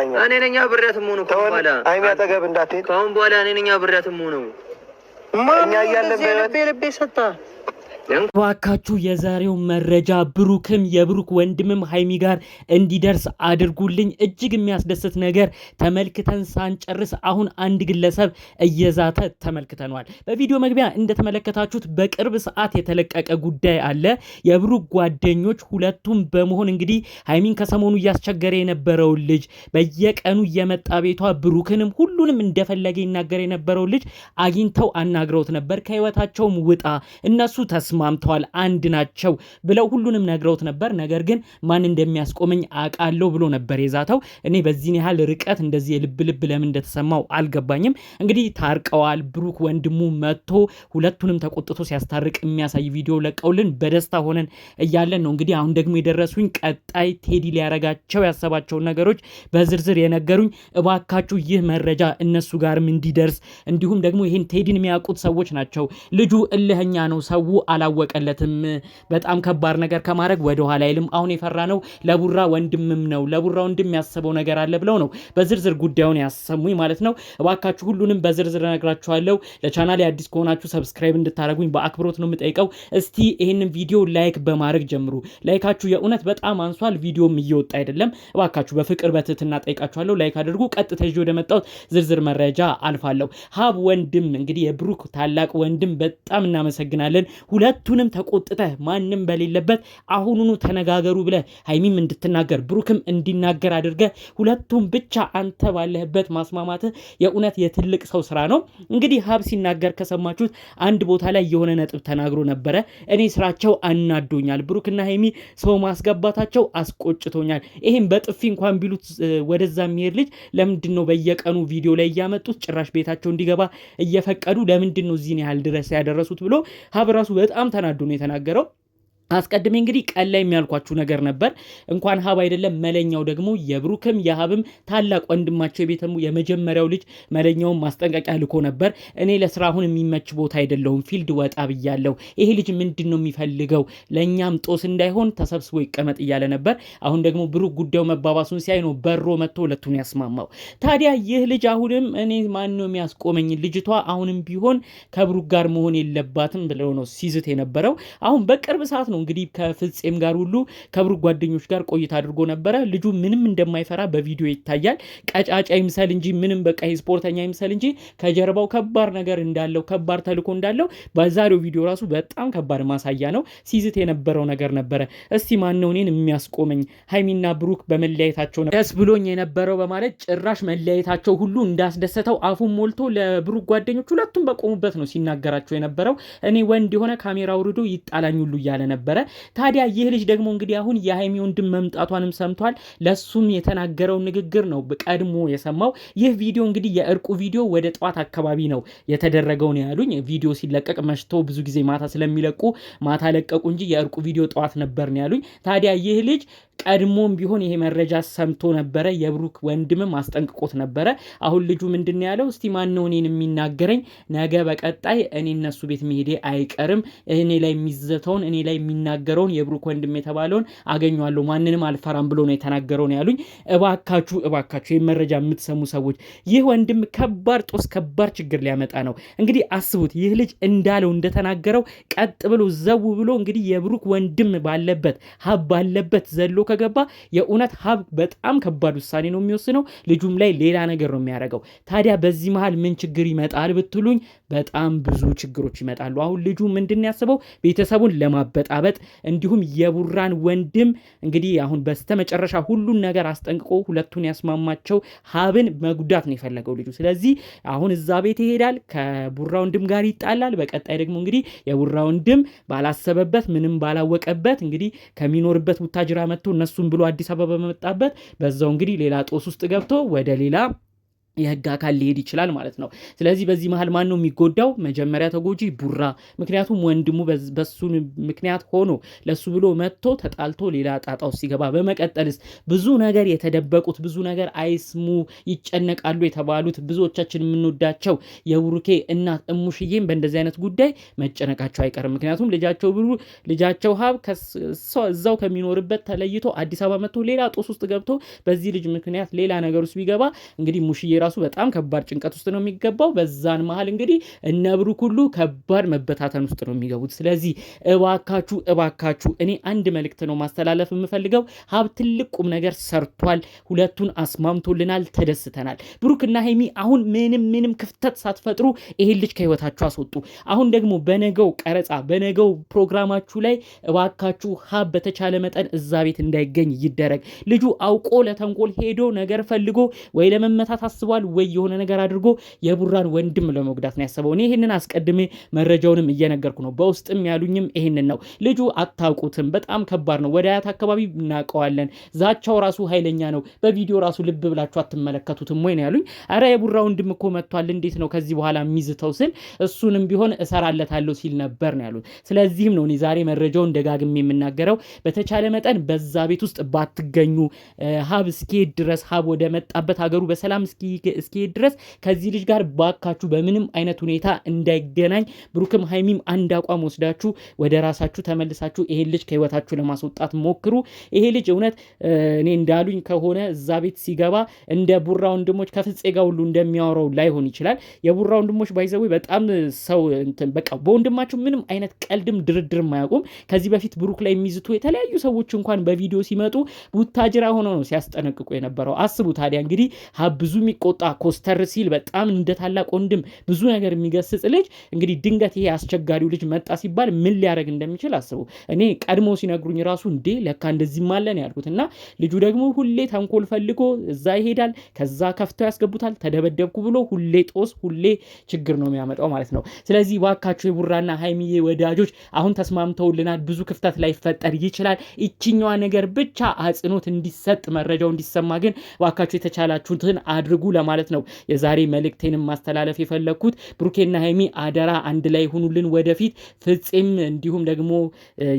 አታኛ እኔ ነኝ አብሬያትም ሆነው ከአሁን በኋላ አይሚ አጠገብ እንዳትሄድ ከአሁን በኋላ እኔ ነኝ አብሬያትም ሆነው ማን ልቤ ልቤ ሰጣ እባካችሁ የዛሬው መረጃ ብሩክም የብሩክ ወንድምም ሀይሚ ጋር እንዲደርስ አድርጉልኝ። እጅግ የሚያስደስት ነገር ተመልክተን ሳንጨርስ አሁን አንድ ግለሰብ እየዛተ ተመልክተነዋል። በቪዲዮ መግቢያ እንደተመለከታችሁት በቅርብ ሰዓት የተለቀቀ ጉዳይ አለ። የብሩክ ጓደኞች ሁለቱም በመሆን እንግዲህ ሀይሚን ከሰሞኑ እያስቸገረ የነበረውን ልጅ በየቀኑ እየመጣ ቤቷ ብሩክንም ሁሉንም እንደፈለገ ይናገር የነበረው ልጅ አግኝተው አናግረውት ነበር። ከህይወታቸውም ውጣ፣ እነሱ ተስማምተዋል፣ አንድ ናቸው ብለው ሁሉንም ነግረውት ነበር። ነገር ግን ማን እንደሚያስቆመኝ አቃለው ብሎ ነበር የዛተው። እኔ በዚህን ያህል ርቀት እንደዚህ የልብ ልብ ለምን እንደተሰማው አልገባኝም። እንግዲህ ታርቀዋል። ብሩክ ወንድሙ መጥቶ ሁለቱንም ተቆጥቶ ሲያስታርቅ የሚያሳይ ቪዲዮ ለቀውልን በደስታ ሆነን እያለን ነው። እንግዲህ አሁን ደግሞ የደረሱኝ ቀጣይ ቴዲ ሊያረጋቸው ያሰባቸውን ነገሮች በዝርዝር የነገሩኝ። እባካችሁ ይህ መረጃ እነሱ ጋርም እንዲደርስ እንዲሁም ደግሞ ይህን ቴዲን የሚያውቁት ሰዎች ናቸው። ልጁ እልህኛ ነው፣ ሰው አላወቀለትም። በጣም ከባድ ነገር ከማድረግ ወደኋላ አይልም። አሁን የፈራ ነው ለቡራ ወንድምም ነው ለቡራ ወንድም ያሰበው ነገር አለ ብለው ነው በዝርዝር ጉዳዩን ያሰሙኝ ማለት ነው። እባካችሁ ሁሉንም በዝርዝር ነግራችኋለሁ። ለቻናል አዲስ ከሆናችሁ ሰብስክራይብ እንድታደረጉኝ በአክብሮት ነው የምጠይቀው። እስቲ ይህንን ቪዲዮ ላይክ በማድረግ ጀምሩ። ላይካችሁ የእውነት በጣም አንሷል። ቪዲዮም እየወጣ አይደለም። እባካችሁ በፍቅር በትህትና ጠይቃችኋለሁ። ላይክ አድርጉ። ቀጥታ ይዤ ወደ መጣሁት ዝርዝር መረጃ አልፋለሁ። ሀብ ወንድም እንግዲህ የብሩክ ታላቅ ወንድም በጣም እናመሰግናለን። ሁለቱንም ተቆጥተህ ማንም በሌለበት አሁኑኑ ተነጋገሩ ብለህ ሀይሚም እንድትናገር ብሩክም እንዲናገር አድርገህ ሁለቱም ብቻ አንተ ባለህበት ማስማማትህ የእውነት የትልቅ ሰው ስራ ነው። እንግዲህ ሀብ ሲናገር ከሰማችሁት አንድ ቦታ ላይ የሆነ ነጥብ ተናግሮ ነበረ። እኔ ስራቸው አናዶኛል፣ ብሩክና ሀይሚ ሰው ማስገባታቸው አስቆጭቶኛል። ይህም በጥፊ እንኳን ቢሉት ወደዛ የሚሄድ ልጅ ለምንድን ነው በየቀኑ ቪዲዮ ቪዲዮ ላይ እያመጡት ጭራሽ ቤታቸው እንዲገባ እየፈቀዱ ለምንድን ነው እዚህን ያህል ድረስ ያደረሱት ብሎ ሀብ ራሱ በጣም ተናዶ ነው የተናገረው። አስቀድሜ እንግዲህ ቀን ላይ የሚያልኳችሁ ነገር ነበር። እንኳን ሀብ አይደለም መለኛው ደግሞ የብሩክም የሀብም ታላቅ ወንድማቸው የቤተሙ የመጀመሪያው ልጅ መለኛውን ማስጠንቀቂያ ልኮ ነበር። እኔ ለስራ አሁን የሚመች ቦታ አይደለሁም፣ ፊልድ ወጣ ብያለሁ። ይሄ ልጅ ምንድን ነው የሚፈልገው? ለእኛም ጦስ እንዳይሆን ተሰብስቦ ይቀመጥ እያለ ነበር። አሁን ደግሞ ብሩክ ጉዳዩ መባባሱን ሲያይ ነው በሮ መጥቶ ሁለቱን ያስማማው። ታዲያ ይህ ልጅ አሁንም እኔ ማን ነው የሚያስቆመኝ? ልጅቷ አሁንም ቢሆን ከብሩክ ጋር መሆን የለባትም ብለው ነው ሲዝት የነበረው። አሁን በቅርብ ሰዓት ነው እንግዲህ ከፍፄም ጋር ሁሉ ከብሩ ጓደኞች ጋር ቆይታ አድርጎ ነበረ። ልጁ ምንም እንደማይፈራ በቪዲዮ ይታያል። ቀጫጫ ይምሰል እንጂ ምንም በቃ ስፖርተኛ ይምሰል እንጂ ከጀርባው ከባድ ነገር እንዳለው ከባድ ተልዕኮ እንዳለው በዛሬው ቪዲዮ ራሱ በጣም ከባድ ማሳያ ነው። ሲዝት የነበረው ነገር ነበረ። እስቲ ማነው እኔን የሚያስቆመኝ? ሀይሚና ብሩክ በመለያየታቸው ደስ ብሎኝ የነበረው በማለት ጭራሽ መለያየታቸው ሁሉ እንዳስደሰተው አፉን ሞልቶ ለብሩክ ጓደኞች ሁለቱም በቆሙበት ነው ሲናገራቸው የነበረው። እኔ ወንድ የሆነ ካሜራ አውርዶ ይጣላኝ ሁሉ እያለ ነበር። ነበረ። ታዲያ ይህ ልጅ ደግሞ እንግዲህ አሁን የሀይሚ ወንድም መምጣቷንም ሰምቷል። ለሱም የተናገረው ንግግር ነው ቀድሞ የሰማው። ይህ ቪዲዮ እንግዲህ የእርቁ ቪዲዮ ወደ ጠዋት አካባቢ ነው የተደረገው ነው ያሉኝ። ቪዲዮ ሲለቀቅ መሽቶ ብዙ ጊዜ ማታ ስለሚለቁ ማታ ለቀቁ እንጂ የእርቁ ቪዲዮ ጠዋት ነበር ነው ያሉኝ። ታዲያ ይህ ልጅ ቀድሞም ቢሆን ይሄ መረጃ ሰምቶ ነበረ። የብሩክ ወንድምም አስጠንቅቆት ነበረ። አሁን ልጁ ምንድን ያለው? እስቲ ማን ነው እኔን የሚናገረኝ? ነገ በቀጣይ እኔ እነሱ ቤት መሄዴ አይቀርም። እኔ ላይ የሚዘተውን እኔ ላይ የሚ የሚናገረውን የብሩክ ወንድም የተባለውን አገኘዋለሁ፣ ማንንም አልፈራም ብሎ ነው የተናገረው ያሉኝ። እባካችሁ እባካችሁ ይህ መረጃ የምትሰሙ ሰዎች ይህ ወንድም ከባድ ጦስ፣ ከባድ ችግር ሊያመጣ ነው። እንግዲህ አስቡት፣ ይህ ልጅ እንዳለው እንደተናገረው ቀጥ ብሎ ዘው ብሎ እንግዲህ የብሩክ ወንድም ባለበት ሀብ ባለበት ዘሎ ከገባ የእውነት ሀብ በጣም ከባድ ውሳኔ ነው የሚወስነው። ልጁም ላይ ሌላ ነገር ነው የሚያደርገው። ታዲያ በዚህ መሀል ምን ችግር ይመጣል ብትሉኝ፣ በጣም ብዙ ችግሮች ይመጣሉ። አሁን ልጁ ምንድን ያስበው ቤተሰቡን ለማበጣ መገላበጥ እንዲሁም የቡራን ወንድም እንግዲህ አሁን በስተመጨረሻ ሁሉን ነገር አስጠንቅቆ ሁለቱን ያስማማቸው ሀብን መጉዳት ነው የፈለገው ልጁ። ስለዚህ አሁን እዛ ቤት ይሄዳል፣ ከቡራ ወንድም ጋር ይጣላል። በቀጣይ ደግሞ እንግዲህ የቡራ ወንድም ባላሰበበት ምንም ባላወቀበት እንግዲህ ከሚኖርበት ቡታጅራ መጥቶ እነሱን ብሎ አዲስ አበባ በመጣበት በዛው እንግዲህ ሌላ ጦስ ውስጥ ገብቶ ወደ ሌላ የህግ አካል ሊሄድ ይችላል ማለት ነው። ስለዚህ በዚህ መሀል ማን ነው የሚጎዳው? መጀመሪያ ተጎጂ ቡራ። ምክንያቱም ወንድሙ በሱ ምክንያት ሆኖ ለሱ ብሎ መጥቶ ተጣልቶ ሌላ ጣጣው ሲገባ፣ በመቀጠልስ ብዙ ነገር የተደበቁት ብዙ ነገር አይስሙ ይጨነቃሉ የተባሉት ብዙዎቻችን የምንወዳቸው የቡርኬ እናት እሙሽዬም በእንደዚህ አይነት ጉዳይ መጨነቃቸው አይቀርም። ምክንያቱም ልጃቸው ብሩ ልጃቸው ሀብ እዛው ከሚኖርበት ተለይቶ አዲስ አበባ መጥቶ ሌላ ጦስ ውስጥ ገብቶ በዚህ ልጅ ምክንያት ሌላ ነገር ውስጥ ቢገባ እንግዲህ ሙሽዬ ራሱ በጣም ከባድ ጭንቀት ውስጥ ነው የሚገባው። በዛን መሀል እንግዲህ እነ ብሩክ ሁሉ ከባድ መበታተን ውስጥ ነው የሚገቡት። ስለዚህ እባካችሁ እባካችሁ እኔ አንድ መልእክት ነው ማስተላለፍ የምፈልገው። ሀብ ትልቅ ቁም ነገር ሰርቷል። ሁለቱን አስማምቶልናል፣ ተደስተናል። ብሩክና ሀይሚ አሁን ምንም ምንም ክፍተት ሳትፈጥሩ ይሄን ልጅ ከህይወታችሁ አስወጡ። አሁን ደግሞ በነገው ቀረጻ በነገው ፕሮግራማችሁ ላይ እባካችሁ ሀብ በተቻለ መጠን እዛ ቤት እንዳይገኝ ይደረግ። ልጁ አውቆ ለተንኮል ሄዶ ነገር ፈልጎ ወይ ለመመታት አስቦ አስቧል ወይ የሆነ ነገር አድርጎ የቡራን ወንድም ለመጉዳት ነው ያሰበው። እኔ ይህንን አስቀድሜ መረጃውንም እየነገርኩ ነው። በውስጥም ያሉኝም ይህንን ነው። ልጁ አታውቁትም፣ በጣም ከባድ ነው። ወደ አያት አካባቢ እናውቀዋለን። ዛቻው ራሱ ኃይለኛ ነው። በቪዲዮ ራሱ ልብ ብላችሁ አትመለከቱትም ወይ ነው ያሉኝ። አረ የቡራ ወንድም እኮ መጥቷል፣ እንዴት ነው ከዚህ በኋላ የሚዝተው ስል እሱንም ቢሆን እሰራለታለሁ ሲል ነበር ነው ያሉት። ስለዚህም ነው እኔ ዛሬ መረጃውን ደጋግሜ የምናገረው በተቻለ መጠን በዛ ቤት ውስጥ ባትገኙ ሀብ እስኪሄድ ድረስ ሀብ ወደ መጣበት ሀገሩ በሰላም እስኪ እስኪሄድ ድረስ ከዚህ ልጅ ጋር ባካችሁ በምንም አይነት ሁኔታ እንዳይገናኝ፣ ብሩክም ሀይሚም አንድ አቋም ወስዳችሁ ወደ ራሳችሁ ተመልሳችሁ ይሄን ልጅ ከህይወታችሁ ለማስወጣት ሞክሩ። ይሄ ልጅ እውነት እኔ እንዳሉኝ ከሆነ እዛ ቤት ሲገባ እንደ ቡራ ወንድሞች ከፍፄ ጋር ሁሉ እንደሚያወራው ላይሆን ይችላል። የቡራ ወንድሞች ባይዘዊ በጣም ሰው በቃ በወንድማቸው ምንም አይነት ቀልድም ድርድርም አያውቁም። ከዚህ በፊት ብሩክ ላይ የሚዝቱ የተለያዩ ሰዎች እንኳን በቪዲዮ ሲመጡ ቡታጅራ ሆነው ነው ሲያስጠነቅቁ የነበረው። አስቡ ታዲያ እንግዲህ ብዙ የሚቆ የሚቆጣ ኮስተር ሲል በጣም እንደ ታላቅ ወንድም ብዙ ነገር የሚገስጽ ልጅ እንግዲህ ድንገት ይሄ አስቸጋሪው ልጅ መጣ ሲባል ምን ሊያደርግ እንደሚችል አስቡ። እኔ ቀድሞ ሲነግሩኝ ራሱ እንዴ ለካ እንደዚህ ማለን ያልኩት እና ልጁ ደግሞ ሁሌ ተንኮል ፈልጎ እዛ ይሄዳል፣ ከዛ ከፍተው ያስገቡታል፣ ተደበደብኩ ብሎ ሁሌ ጦስ፣ ሁሌ ችግር ነው የሚያመጣው ማለት ነው። ስለዚህ ባካቸው የቡራና ሀይሚዬ ወዳጆች አሁን ተስማምተውልናል፣ ብዙ ክፍተት ላይፈጠር ይችላል። ይችኛዋ ነገር ብቻ አጽንኦት እንዲሰጥ መረጃው እንዲሰማ ግን ባካቸው የተቻላችሁትን አድርጉ። ማለት ነው የዛሬ መልእክቴንም ማስተላለፍ የፈለግኩት። ብሩኬና ሀይሚ አደራ አንድ ላይ ሆኑልን ወደፊት። ፍፄም እንዲሁም ደግሞ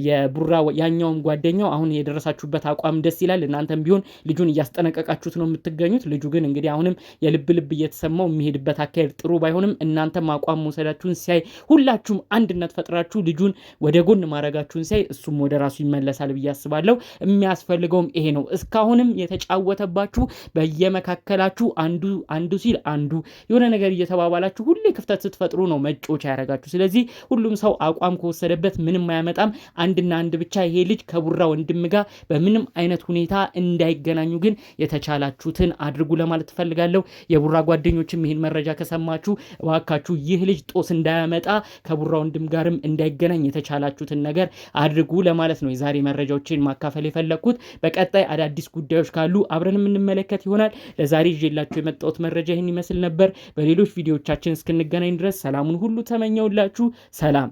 የቡራ ያኛውም ጓደኛው አሁን የደረሳችሁበት አቋም ደስ ይላል። እናንተም ቢሆን ልጁን እያስጠነቀቃችሁት ነው የምትገኙት። ልጁ ግን እንግዲህ አሁንም የልብ ልብ እየተሰማው የሚሄድበት አካሄድ ጥሩ ባይሆንም እናንተም አቋም መውሰዳችሁን ሲያይ ሁላችሁም አንድነት ፈጥራችሁ ልጁን ወደ ጎን ማድረጋችሁን ሲያይ እሱም ወደ ራሱ ይመለሳል ብዬ አስባለሁ። የሚያስፈልገውም ይሄ ነው። እስካሁንም የተጫወተባችሁ በየመካከላችሁ አንዱ አንዱ ሲል አንዱ የሆነ ነገር እየተባባላችሁ ሁሌ ክፍተት ስትፈጥሩ ነው መጮች ያደርጋችሁ። ስለዚህ ሁሉም ሰው አቋም ከወሰደበት ምንም አያመጣም። አንድና አንድ ብቻ ይሄ ልጅ ከቡራ ወንድም ጋር በምንም አይነት ሁኔታ እንዳይገናኙ ግን የተቻላችሁትን አድርጉ ለማለት ትፈልጋለሁ። የቡራ ጓደኞችም ይህን መረጃ ከሰማችሁ እባካችሁ ይህ ልጅ ጦስ እንዳያመጣ ከቡራ ወንድም ጋርም እንዳይገናኝ የተቻላችሁትን ነገር አድርጉ ለማለት ነው የዛሬ መረጃዎችን ማካፈል የፈለግኩት። በቀጣይ አዳዲስ ጉዳዮች ካሉ አብረን የምንመለከት ይሆናል። ለዛሬ ይዤላችሁ የመጣ ያመጣሁት መረጃ ይህን ይመስል ነበር። በሌሎች ቪዲዮዎቻችን እስክንገናኝ ድረስ ሰላሙን ሁሉ ተመኘውላችሁ። ሰላም